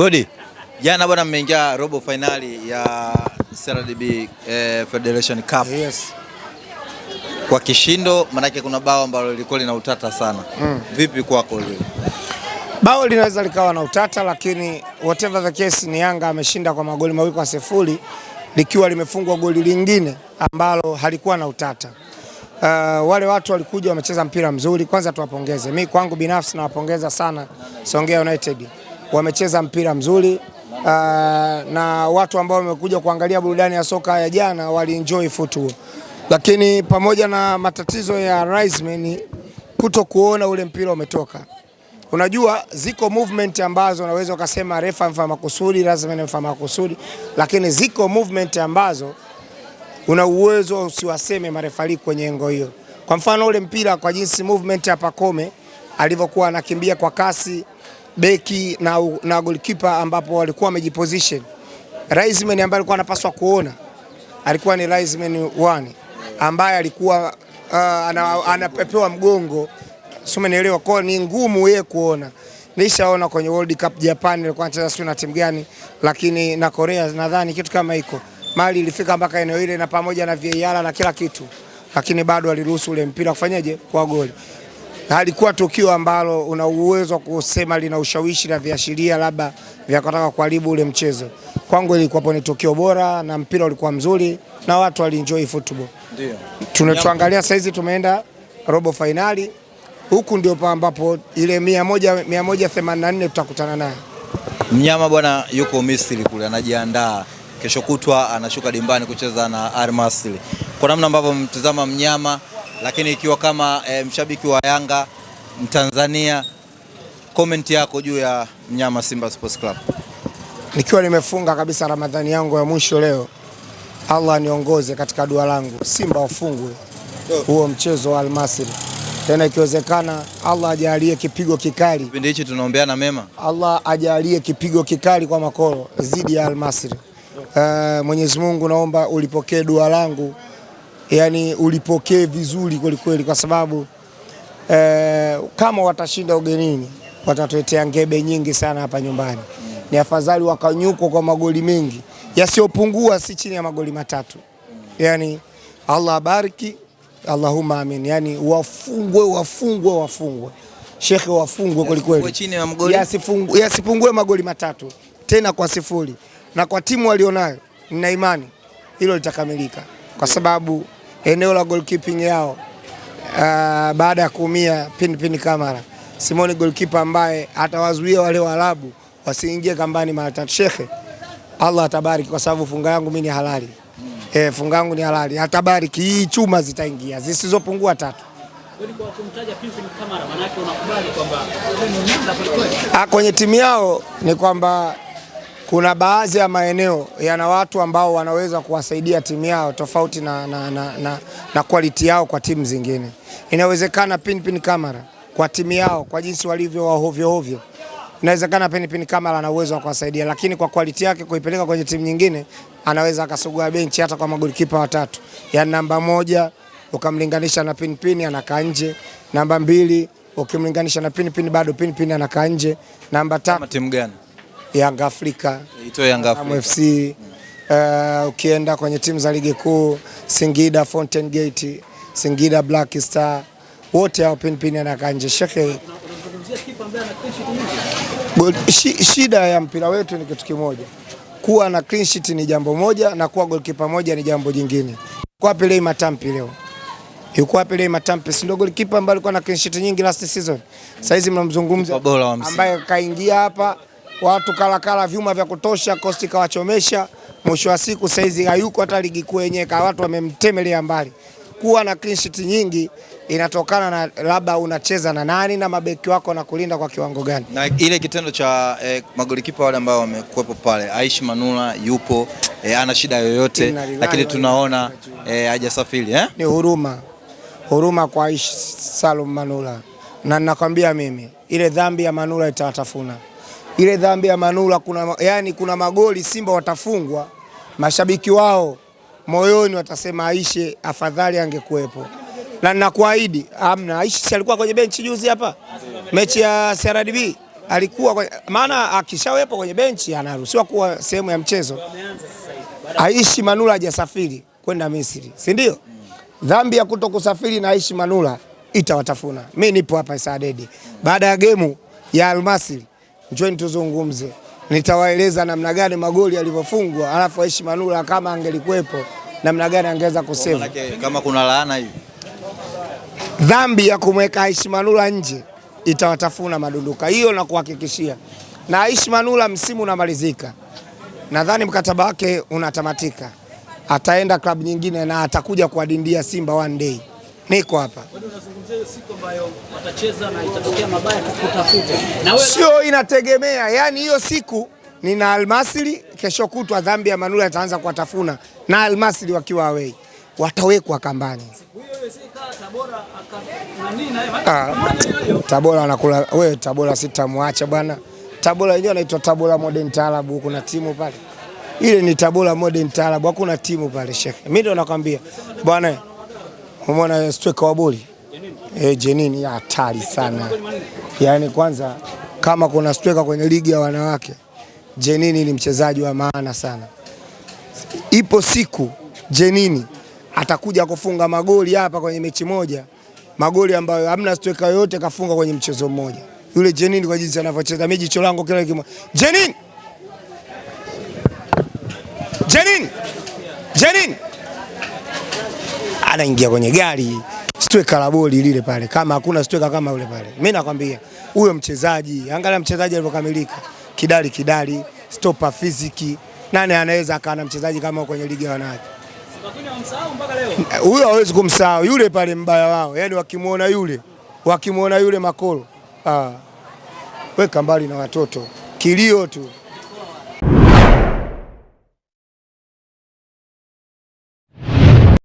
Godi, jana bwana, mmeingia robo finali ya CRDB eh, Federation Cup. Yes. Kwa kishindo, manake kuna bao ambalo lilikuwa lina utata sana mm. Vipi kwako hilo? Bao linaweza likawa na utata, lakini whatever the case, ni Yanga ameshinda kwa magoli mawili kwa sifuri likiwa limefungwa goli lingine ambalo halikuwa na utata. Uh, wale watu walikuja wamecheza mpira mzuri, kwanza tuwapongeze. Mi kwangu binafsi nawapongeza sana Songea United wamecheza mpira mzuri uh, na watu ambao wamekuja kuangalia burudani ya soka ya jana walienjoy football, lakini pamoja na matatizo ya Raisman kuto kuona ule mpira umetoka. Unajua ziko movement ambazo unaweza ukasema refa amefanya makusudi, lazima ni amefanya makusudi, lakini ziko movement ambazo una uwezo usiwaseme marefali kwenye ngo hiyo. Kwa mfano ule mpira kwa jinsi movement ya Pakome alivyokuwa anakimbia kwa kasi beki na, na goalkeeper ambapo walikuwa wamejiposition. Raisman ambaye alikuwa anapaswa kuona alikuwa ni Raisman wani ambaye alikuwa uh, anapepewa mgongo, sio umeelewa? Kwa ni ngumu yeye kuona. Nishaona kwenye World Cup Japan alikuwa anacheza sio na timu gani, lakini na Korea nadhani kitu kama hiko. Mali ilifika mpaka eneo ile na pamoja na VAR na kila kitu, lakini bado aliruhusu ule mpira kufanyaje kwa goli na alikuwa tukio ambalo una uwezo wa kusema lina ushawishi na viashiria labda vya kutaka kuharibu ule mchezo. Kwangu ilikuwa ni tukio bora na mpira ulikuwa mzuri na watu walienjoy football. Ndio. Tunatuangalia sasa hizi tumeenda robo fainali. Huku ndio ambapo ile 100 184 tutakutana naye. Mnyama bwana yuko Misri kule anajiandaa kesho kutwa anashuka dimbani kucheza na Al Masry. Kwa namna ambavyo mtazama mnyama lakini ikiwa kama e, mshabiki wa Yanga Mtanzania, comment yako juu ya mnyama Simba Sports Club. Nikiwa nimefunga kabisa Ramadhani yangu ya mwisho leo, Allah niongoze katika dua langu, Simba wafungwe huo mchezo wa Almasri tena ikiwezekana, Allah ajalie kipigo kikali. Kipindi hichi tunaombeana mema, Allah ajalie kipigo kikali kwa makoro dhidi ya Almasri. Uh, Mwenyezi Mungu naomba ulipokee dua langu yani ulipokee vizuri kwelikweli, kwa sababu eh, kama watashinda ugenini watatuletea ngebe nyingi sana hapa nyumbani. Ni afadhali wakanyukwa kwa magoli mengi yasiyopungua si chini ya magoli matatu, yani Allah abariki, Allahumma amin. Yani wafungwe wafungwe wafungwe, shekhe, wafungwe kwelikweli, yasipungue magoli matatu tena kwa sifuri, na kwa timu walionayo nina imani hilo litakamilika kwa sababu eneo la goalkeeping yao uh, baada ya kuumia Pinpin Kamara. Simoni goalkeeper ambaye atawazuia wale Waarabu wasiingie kambani mara tatu. Shekhe, Allah atabariki, kwa sababu funga yangu mimi ni halali Eh, funga yangu ni halali, atabariki. Hii chuma zitaingia zisizopungua tatu ah, kwenye timu yao. Ni kwamba kuna baadhi ya maeneo yana watu ambao wanaweza kuwasaidia timu yao tofauti na, na, na, na, na quality yao kwa timu zingine. Inawezekana Pinpin Kamara kwa timu yao kwa jinsi walivyo wa hovyo hovyo, inawezekana Pinpin Kamara ana uwezo wa kuwasaidia, lakini kwa quality yake kuipeleka kwenye timu nyingine anaweza akasugua benchi hata kwa magolikipa watatu, ya namba moja ukamlinganisha na Pinpin anakaa nje, namba mbili ukimlinganisha na Pinpin bado Pinpin anakaa nje, namba tatu timu gani? Yanga Afrika, ito Yanga Afrika. FC uh, ukienda kwenye timu za ligi kuu Singida Fountain Gate, Singida Black Star, wote hao pinipini anakaa nje shekhe. Shida ya mpira wetu ni kitu kimoja, kuwa na clean sheet ni jambo moja na kuwa goalkeeper moja ni jambo jingine. Kwa Pele Matampi leo yuko wapi leo Matampi? Si ndio goalkeeper ambaye alikuwa na clean sheet nyingi last season. Sasa hizi mnamzungumza ambaye kaingia hapa watu kalakala vyuma vya kutosha, Kosti kawachomesha. Mwisho wa siku saizi hayuko hata ligi kuu yenyewe, watu wamemtemelea mbali. Kuwa na clean sheet nyingi inatokana na labda unacheza na nani na mabeki wako na kulinda kwa kiwango gani, na ile kitendo cha eh, magolikipa wale ambao wamekuwepo pale. Aishi Manula yupo eh, ana shida yoyote, lakini tunaona eh, hajasafiri eh, eh? Ni huruma huruma kwa Aishi Salum Manula, na ninakwambia mimi ile dhambi ya Manula itawatafuna ile dhambi ya Manula kuna, yani kuna magoli Simba watafungwa, mashabiki wao moyoni watasema aishe, afadhali angekuwepo. Na ninakuahidi amna, Aishe. si alikuwa kwenye benchi juzi hapa mechi ya CRDB alikuwa kwenye, maana akishawepo kwenye benchi anaruhusiwa kuwa sehemu ya mchezo. Aishi Manula hajasafiri kwenda Misri, si ndio? Dhambi ya kutokusafiri na Aishi Manula itawatafuna. Mimi nipo hapa Saadedi, baada ya gemu ya Almasri njoni tuzungumze, nitawaeleza namna gani magoli yalivyofungwa, alafu Aishi Manula kama angelikuwepo namna gani angeweza kusema kama kuna laana hivi. Dhambi ya kumweka Aishi Manula nje itawatafuna madunduka, hiyo na kuhakikishia. Na Aishi Manula msimu unamalizika, nadhani mkataba wake unatamatika, ataenda klabu nyingine na atakuja kuwadindia Simba one day niko hapa. Sio, inategemea yani, hiyo siku nina Almasri, kesho kutwa dhambi ya Manula ataanza kuwatafuna na Almasri wakiwa awei watawekwa kambani. Ah, Tabora wanakula we Tabora sitamwacha bwana. Tabora wenyewe anaitwa Tabora Modern Taarab, kuna timu pale, ile ni Tabora Modern Taarab, hakuna timu pale shekhe. Mimi ndo nakwambia bwana. Umeona striker wa boli eh, Jenini hatari sana. Yaani kwanza kama kuna striker kwenye ligi ya wanawake, Jenini ni mchezaji wa maana sana. Ipo siku Jenini atakuja kufunga magoli hapa kwenye mechi moja, magoli ambayo hamna striker yoyote kafunga kwenye mchezo mmoja. Yule Jenini kwa jinsi anavyocheza, mimi jicho langu kila kimoja. Jenini! Jenini! Jenini! anaingia kwenye gari stweka la boli lile pale, kama hakuna stweka kama yule pale. Mimi nakwambia huyo mchezaji, angalia mchezaji alivyokamilika, kidali kidali, stopa fiziki. Nani anaweza akaana mchezaji kama kwenye ligi ya wanawake? Huyo hawezi kumsahau yule pale, mbaya wao. Yani wakimwona yule, wakimwona yule makolo, ah, weka mbali na watoto, kilio tu.